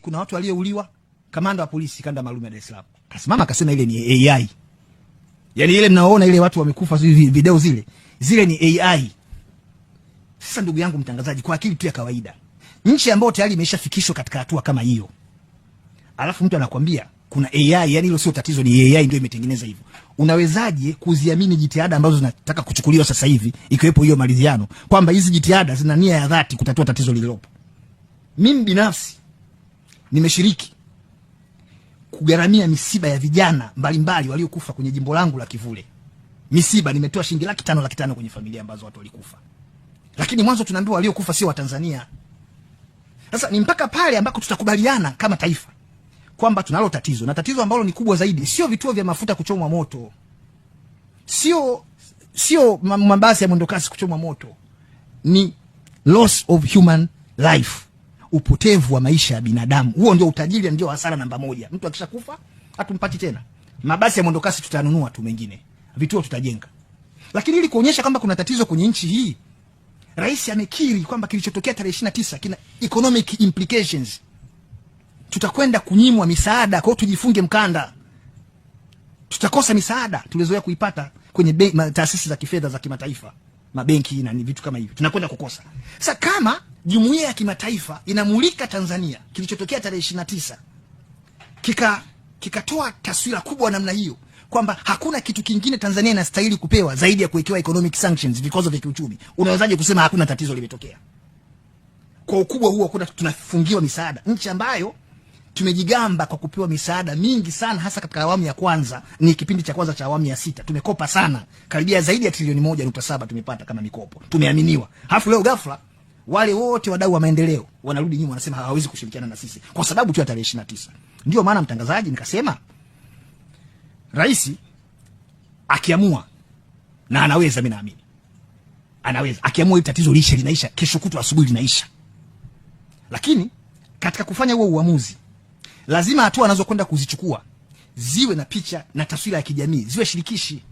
kuna watu waliouliwa. Kamanda wa polisi kanda maalum ya Dar es Salaam akasimama akasema ile ni AI. Yani ile mnaoona ile watu wamekufa, video zile zile ni AI. Sasa ndugu yangu mtangazaji, kwa akili tu ya kawaida, nchi ambayo tayari imeshafikishwa katika hatua kama hiyo, alafu mtu anakwambia kuna AI, yani hilo sio tatizo, ni AI ndio imetengeneza hivyo. Unawezaje kuziamini jitihada ambazo zinataka kuchukuliwa sasa hivi, ikiwepo hiyo maridhiano, kwamba hizi jitihada zina nia ya dhati kutatua tatizo lililopo? Mimi binafsi nimeshiriki kugharamia misiba ya vijana mbalimbali waliokufa kwenye jimbo langu la Kivule. Misiba nimetoa shilingi laki tano laki tano kwenye familia ambazo watu walikufa, lakini mwanzo tunaambiwa waliokufa sio Watanzania. Sasa ni mpaka pale ambako tutakubaliana kama taifa kwamba tunalo tatizo, na tatizo ambalo ni kubwa zaidi sio vituo vya mafuta kuchomwa moto, sio sio mabasi ya mwendokasi kuchomwa moto, ni loss of human life upotevu wa maisha ya binadamu. Huo ndio utajiri, ndio hasara namba moja. Mtu akishakufa hatumpati tena. Mabasi ya mwendokasi tutanunua tu, mengine vituo tutajenga. Lakini ili kuonyesha kwamba kuna tatizo kwenye nchi hii, rais amekiri kwamba kilichotokea tarehe 29 kina economic implications. Tutakwenda kunyimwa misaada, kwa hiyo tujifunge mkanda, tutakosa misaada tulizoea kuipata kwenye taasisi za kifedha za kimataifa, mabenki na vitu kama hivyo, tunakwenda kukosa. Sasa kama jumuiya ya kimataifa inamulika Tanzania kilichotokea tarehe ishirini na tisa kika kikatoa taswira kubwa namna hiyo kwamba hakuna kitu kingine Tanzania inastahili kupewa zaidi ya kuwekewa economic sanctions, vikwazo vya kiuchumi. Unawezaje kusema hakuna tatizo limetokea? Kwa ukubwa huo, kuna tunafungiwa misaada. Nchi ambayo tumejigamba kwa kupewa misaada mingi sana, hasa katika awamu ya kwanza, ni kipindi cha kwanza cha awamu ya sita, tumekopa sana, karibia zaidi ya trilioni moja nukta saba tumepata kama mikopo, tumeaminiwa, halafu leo ghafla wale wote wadau wa maendeleo wanarudi nyuma, wanasema hawawezi kushirikiana na sisi kwa sababu tu ya tarehe 29. Ndio maana mtangazaji, nikasema rais akiamua na anaweza, mimi naamini anaweza akiamua, hili tatizo liishe, linaisha kesho kutwa asubuhi linaisha. Lakini katika kufanya huo uamuzi, lazima hatua anazokwenda kuzichukua ziwe na picha na taswira ya kijamii, ziwe shirikishi.